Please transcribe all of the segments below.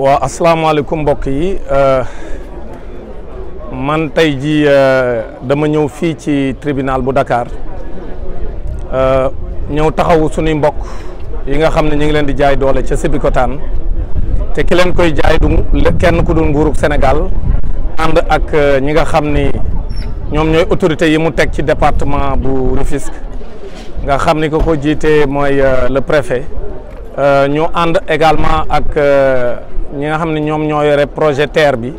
waaw asalaamaaleykum mbokk yi uh, man tey ji uh, dama ñëw fii ci tribunal bu Dakar uh, ñëw taxawu suñuy mbokk yi nga xam ne ñu ngi leen di jaay doole ca Sébikotane te ki leen koy jaay du kenn ku dul nguurug Sénégal ànd ak ñi nga xam ni ñoom ñooy autorité yi mu teg ci département bu Rufisque nga xam ni ko ko jiitee mooy le préfet ñu ànd également ak ñi nga xam ne ñoom ñoo yore projet TER bi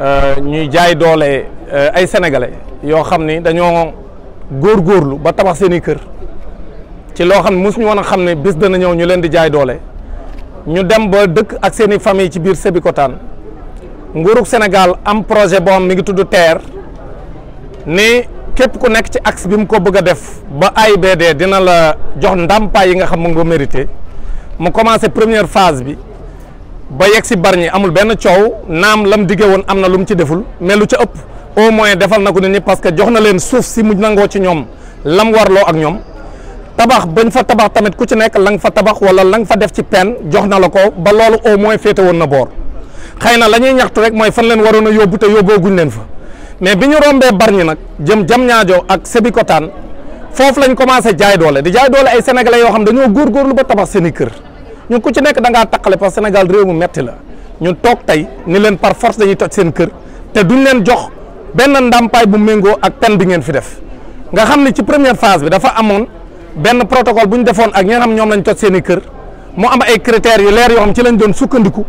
euh, ñuy jaay doole euh, ay sénégalais yoo xam ni dañoo góor góorlu ba tabax seen i kër ci loo xam ne mosuñu woon a xam ne bés dana ñëw ñu leen di jaay doole ñu dem ba dëkk ak seen i famille ci biir Sébikotane nguurug Sénégal am projet boo am mi ngi tudd TER ni képp ku nekk ci axe bi mu ko bëgg a def ba ay AIBD dina la jox ndàmpaay yi nga xam mu nga mérité mu commencé première phase bi ba yegg si Bargny amul benn coow naam lam diggee woon am na lu mu ci deful mais lu ca ëpp au moins defal na ko nit ñi parce que jox na leen suuf si mu nangoo ci ñoom lam warloo ak ñoom tabax bañ fa tabax tamit ku ci nekk la nga fa tabax wala la nga fa def ci peen jox na la ko ba loolu au moins féete woon na boor xëy na la ñuy ñaxtu rek mooy fan leen waroon a yóbbu te yóbbooguñ leen fa mais bi ñu rombee Bargny nag jëm jam ñaajo ak Sébikotane foofu lañ commencé jaay doole di jaay doole ay yoo xam dañoo góorgóorlu ba tabax seen kër. ñun ku ci nek da nga takalé parce que Sénégal réew mu metti la ñun tok tay ni leen par force dañuy tok seen kër té duñ leen jox benn ndàmpaay bu mengo ak pen bi ngeen fi def nga xamni ci première phase bi dafa amone benn protocole buñ defoon ak ñi xam lañ tok seen kër mu am ay critères yu leer yo xam ci lañ doon sukkandiku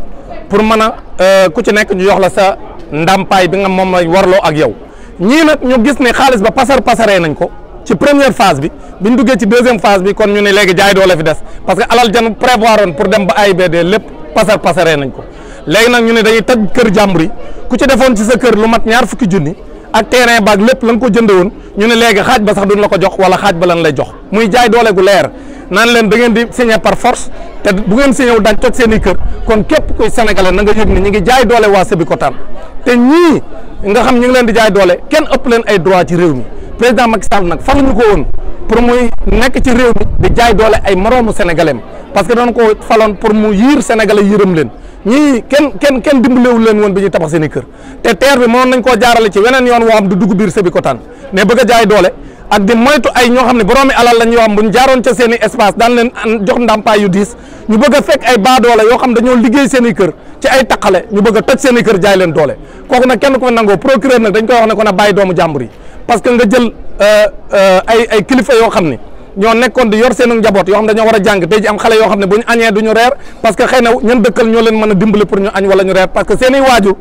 pour mëna euh ku ci nek ñu jox la sa ndàmpaay bi nga mom lañ ak yow ñi nak ñu gis ne xaaliss ba pasar passeré nañ ko ci première phase bi bi ñu duggee ci deuxième phase bi kon ñu ne léegi jaay doole fi des parce que alal jan prévoir woon pour dem ba AIBD lépp pasar pasaree nañ ko léegi nag ñu ne dañuy taj kër jàmbur yi ku ci defoon ci sa kër lu mat ñaar fukki junni ak terrain baag lépp la nga ko jënd woon ñu ne léegi xaaj ba sax duñ la ko jox wala xaaj ba lan lay jox muy jaay doole gu leer naan leen da ngeen di signé par force te bu ngeen signé wu daañ seen i kër kon képp kuy sénégalais na nga yëg ne ñu ngi jaay doole waa Sébikotane te ñii nga xam ñu ngi leen di jaay kenn ëpp leen ay droit ci réew mi président Macky Sall nag faruñu ko woon pour muy nekk ci réew mi di jaay doole ay moroomu sénégalais parce que doon ko faloon pour mu yiir sénégalais yërëm leen ñii kenn kenn kenn dimbalewul leen woon bi ñuy tabax seen i kër te terre bi mënoon nañ koo jaarale ci weneen yoon woo xam du dugg biir Sébikotane mais bëgg ñoo xam ne boroomi alal lañ yoo xam bu ñu jaaroon ca i espace daan leen jox ndàmpaay yu diis ñu bëgg a fekk ay baadoole yoo xam dañoo liggéey seen i kër ci ay taqale ñu bëgg a toj seen jaay leen doole kooku nag ko nangoo procureur nag ne ko na bàyyi doomu jàmbur yi parce que nga jël euh, euh, ay ay kilifa yo xamni ño nekkon di yor seen njaboot yo xam dañu wara jang jàng ji am xalé yo xamni buñu bu duñu rër parce que xeyna na dekkal ño leen mëna dimbalé pour ñu añ wala ñu rër parce que seen waju waajur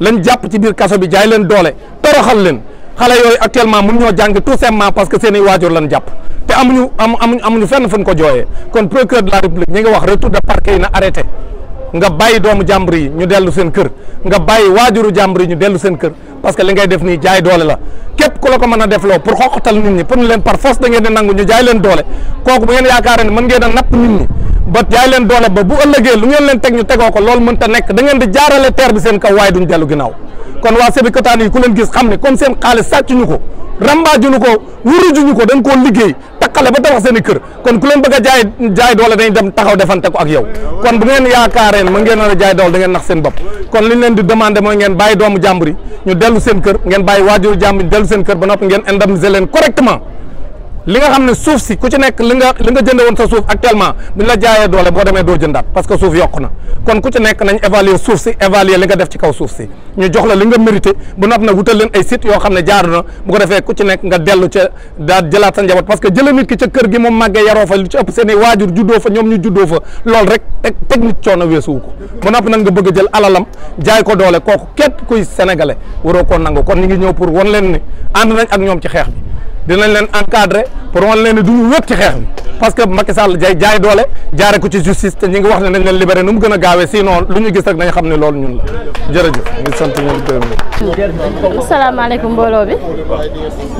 lañ jàpp ci bir kasso bi jaay leen doolé toroxal leen xalé yooyu actuellement mun ñoo jang tout simplement parce que seen waju waajur lañ jàpp te amuñu am amuñu amuñu fenn fuñ ko joyé kon procureur de la république ñi nga wax retour de parquet na arrêté nga bayyi doomu jambri ñu delu seen kër nga bayyi wajuru jambri ñu delu seen kër parce que li ngay def ni jaay doole la képp ku la ko mën a defloo pour xoqatal nit ñi pour ñu leen par force da ngeen di nangu ñu jaay leen doole kooku bu ngeen yaakaaree ne mën ngeen a napp nit ñi ba jaay leen doole ba bu ëllëgee lu ngeen leen teg ñu tegoo ko loolu mën ta nekk da ngeen di jaarale terre bi seen kaw waaye duñ dellu ginnaaw kon waa Sébikotane yi ku leen gis xam ne comme seen xaalis sàccuñu ko rambaajuñu ko wurujuñu ko dañ koo liggéey takkale ba tabax seen i kër kon ku leen bëgg a jaay jaay doole dañ dem taxaw defante ko ak yow kon bu ngeen yaakaaree ne ngeen a jaay doole da ngeen nax seen bopp kon li ñu leen di demandé mooy ngeen bàyyi doomu jàmbur ñu dellu seen kër ngeen bàyyi waajur jàmbur ñu dellu seen kër ba noppi ngeen indemniser leen correctement li nga xam ne suuf si ku ci nekk li nga li nga jënde woon sa suuf actuellement bi la jaayee doole boo demee doo jëndaat parce que suuf yokk na kon ku ci nekk nañ évaluer suuf si évaluer li nga def ci kaw suuf si ñu jox la li nga mérité bu nopp na wutal leen ay site yoo xam ne jaaru na bu ko defee ku ci nekk nga dellu ca daa jëlaat sa njaboot parce que jëlee nit ki ca kër gi moom màggee yaroo fa lu ci ëpp seen i waajur juddoo fa ñoom ñu juddoo fa loolu rek teg teg nit coono weesuwu ko bu nopp nag nga ko doole kooku képp kuy sénégalais waroo koo nangu kon ñu ngi ñëw pour won leen ni ànd nañ ak ñoom ci xeex bi dinañ leen encadrer pour wan leen duñu wëk ci xéx parce que Macky Sall jay jay doole jaaré ko ci justice té ñi ngi wax né dañ leen libéré numu gëna gaawé a gaawee sinon lu gis rek dañ xamné lool ñun la jërëjëf ñu sant ñu ñoom assalamu alaykum mbolo bi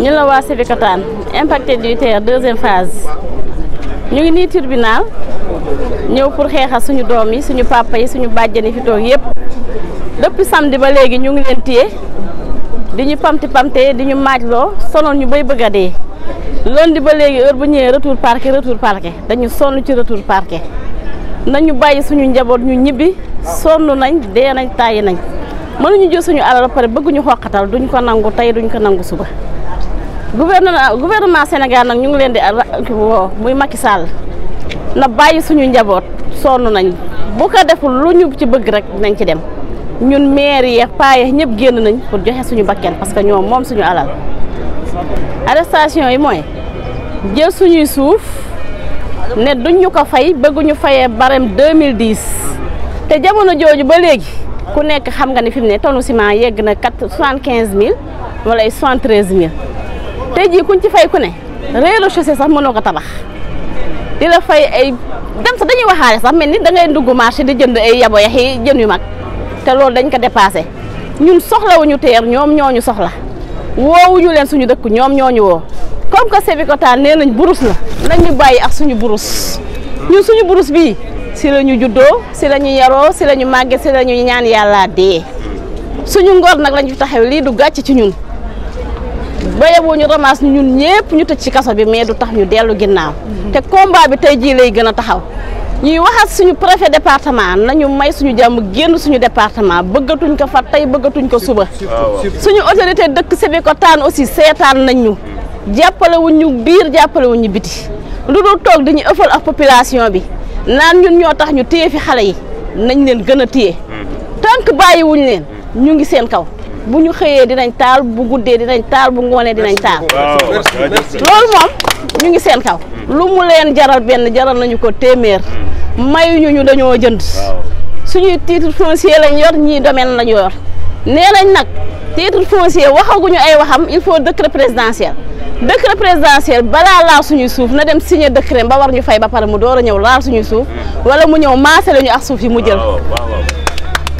ñu la wa civicatan impacté du terre deuxième phase ñu ngi ni tribunal ñëw pour xéxa suñu doom yi suñu papa yi suñu bàjjen fi tok yépp depuis samedi ba légui ñu ngi leen téye di ñu pamti pamte di ñu maaj loo sonal ñu bay bëgg a dee lundi ba léegi heure bu ñëwee retour parquet retour parquet dañu sonn ci retour parquet nañu bàyyi suñu njaboot ñu ñibbi sonn nañ dee nañ tàyyi nañ mën nañu jël suñu alal ba pare bëgguñu xoqatal duñ ko nangu tey duñ ko nangu suba. gouvernement gouvernement Sénégal nag ñu ngi leen di woo muy Macky Sall na bàyyi suñu njaboot sonn nañ bu ko deful lu ñu ci bëgg rek nañ ci dem. ñun maire yeex paayeex ñëpp génn nañ pour joxe suñu bakken parce que ñoom moom suñu alal arrestation yi mooy jël suñuy suuf ne duñ ñu ko fay bëgguñu fayee barem 2010 te jamono jooju ba léegi ku nekk xam nga ne fi mu ne tonu ciment yegg na quatre soixante quinze mille wala ay soixante treize mille tey jii kuñ ci fay ku ne rez-de-chaussée sax mënoo ko tabax di la fay ay dem sax dañuy waxaale sax mel ni da ngay dugg marché di jënd ay yabo yax yi yu mag. te loolu dañ ko dépassé ñun soxlawuñu teer ñoom ñoo ñu soxla woowuñu leen suñu dëkku ñoom ñoo ñooñu woo comme ko Sébikotane nee nañ burus la nañu bàyyi ak suñu burus ñun suñu burus bii si la ñu juddoo si la ñu yaroo si lañu ñu màggee si la ñu ñaan yàllaa dee suñu ngor nag lañu taxaw lii du gàcc ci ñun woo ñu ramasse ñun ñëpp ñu tëj ci kaso bi mais du tax ñu dellu ginnaaw te combat bi tey jii lay gën a taxaw ñuy waxaat suñu préfet département nañu may suñu jàmm génn suñu département bëggatuñ ko fa tey bëggatuñ ko suba suñu autorité dëkk ko Sébikotane aussi seetaan nañ ñu jàppale ñu biir jàppale wuñ ñu biti lu dul toog dañuy ëffal ak population bi naan ñun ñoo tax ñu téye fi xale yi nañ leen gën a téye hmm. tant bàyyi leen ñu ngi seen kaw bu ñu xëyee dinañ taal bu guddee dinañ taal bu ngoonee dinañ taal loolu moom ñu ngi seen kaw lu mu leen jaral benn jaral nañu ko téeméer hmm. mayuñu ñu ñu dañoo jënd suñuy titre foncier lañ yor ñii domaine lañ yor nee nañ nag titre foncier waxaguñu ay waxam il faut décret présidentiel décret présidentiel balaa laal suñuy suuf na dem signer décret ba war ñu fay ba pare mu door a ñëw laal suñuy suuf hmm. wala mu ñëw maase la ak suuf yi mu jël.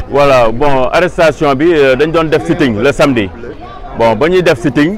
voilà bon arrestation bi euh, dañ doon def sitting le samedi bon ba ñuy def sitting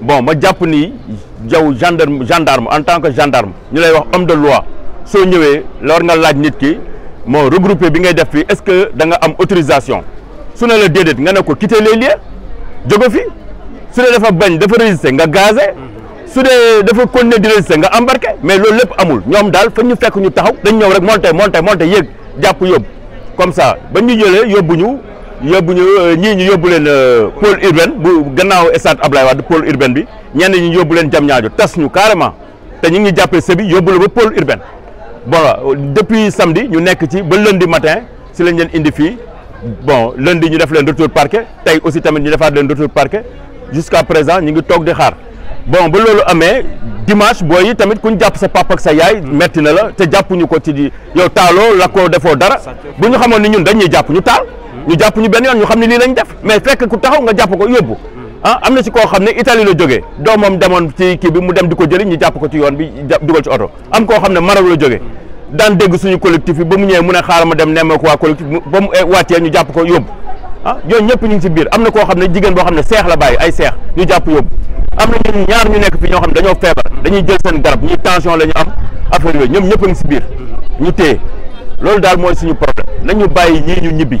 bon ma jàpp ni jaw gendarme gendarme en tant que gendarme ñu lay wax homme de loi soo ñëwee loor nga laaj nit ki moo regroupé bi ngay def fii est-ce que da nga am autorisation su ne la déedéet nga ne ko quitter les lieux jóge fi su dee dafa bañ dafa résister nga gazé su dee dafa continuer di résister nga embarqué mais loolu lépp amul ñoom daal fa ñu fekk ñu taxaw dañ ñëw rek monté monté monté yéeg jàpp yóbbu comme ça ba ñu jëlee yóbbu ñu yóbbu ñu euh, ñii ñu yóbbu leen euh, pôle urbain bu gannaaw stade Ablaye Wade pôle urbain bi ñenn ñi yóbbu leen jam ñaajo tas ñu carrément te ñu ngi jàppee sëbi yóbbu la ba pôle urbain bon depuis samedi ñu nekk ci ba lundi matin si lañ leen indi fii bon lundi ñu def leen retour parquet tey aussi tamit ñu defaat leen retour parquet jusqu'à présent ñu ngi toog di xaar bon ba loolu amee dimanche booy yi tamit ku ñu jàpp sa papa ak sa yaay metti na la te jàppuñu ko ci yow taaloo la ko defoo dara bu ñu ñun dañuy jàpp ñu taal ñu jàpp ñu benn yoon ñu xam ne lii lañ def mais fekk ku taxaw nga jàpp ko yóbbu ah am na si koo xam ne Italie la jógee doomam demoon ci kii bi mu dem di ko jëli ñu jàpp ko ci yoon bi dugal ci oto am koo xam ne Maroc la jógee daan dégg suñu collectif bi ba mu ñëwee mu ne xaaral ma dem nemmeeku waa collectif ba mu e wàccee ñu jàpp ko yóbbu ah ñëpp ñu ngi si biir am na koo xam ne jigéen boo xam ne seex la bàyyi ay seex ñu jàpp yóbbu am ñaar ñu nekk fi ñoo xam ne dañoo feebar dañuy jël seen garab ñuy tension la ñu am affaire ñoom ñëpp a ngi si biir ñu daal mooy suñu problème nañu bàyyi ñii ñu ñibbi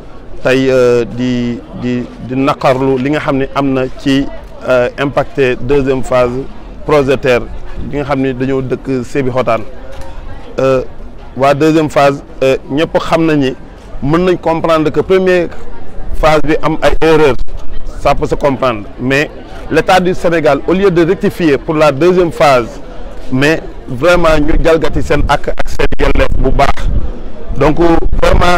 tey euh, di di di nakarlu li nga xamni amna ci euh, impacté deuxième phase projet TER bi nga dañu dëkk dañoo dëkk euh wa deuxième phase euh, ñëpp xam ni mën nañ comprendre que première phase bi am ay erreur ça peut se comprendre mais l'État du Sénégal au lieu de rectifier pour la deuxième phase mais vraiment ñu dalgati sen ak ak seen yelle bu baax donc vraiment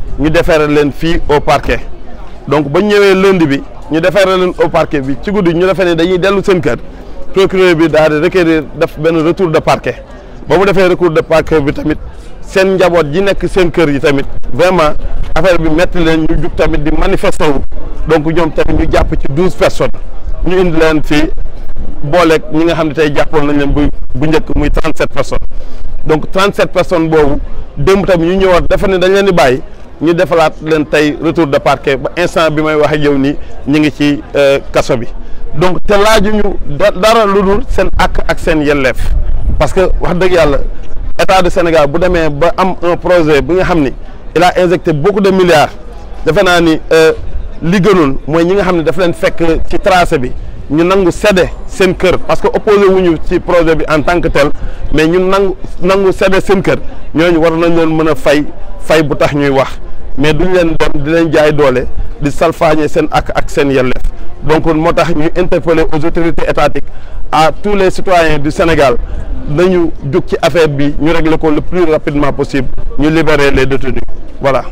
ñu defeere leen fii au parquet donc ba ñëwee lundi bi ñu defeere leen au parquet bi ci guddi ñu defee ne dañuy dellu seen kër procureur bi daal di requérir def benn retour de parquet ba mu defee recours de parquet bi tamit seen njaboot ji nekk seen kër yi tamit vraiment affaire bi metti leen ñu jug tamit di manifester donc ñoom tamit ñu jàpp ci douze personnes ñu indi leen fii booleeg ñi nga xam ne tey jàppoon nañ leen bu bu njëkk muy trente sept personnes donc trente sept personnes boobu démb tamit ñu ñëwaat dafa ne dañ leen di bàyyi. ñu defalaat leen tay retour de parquet ba instant bi may wax ak yow ni ñu ngi ci euh, kasso bi donc té laaju ñu dara lu sen ak ak sen yelleef parce que wax deug yalla état du Sénégal bu démé ba am un projet bu nga xamni il a injecté beaucoup de milliards defe na ni euh, li gënul moy ñi nga xamni daf leen fekk ci tracé bi ñu nangu cédé sen kër parce que opposé wuñu ci projet bi en tant que tel mais ñu nangu nangu cédé sen kër ñooñu war nañ leen mëna fay fay bu tax ñuy wax mais duñ leen dem di leen jaay doole di salfaañe sen ak ak sen donc motax ñu interpeller aux autorités étatiques à tous les citoyens du Sénégal nañu allons ci affaire bi ñu régler ko le plus rapidement possible ñu libérer les détenus voilà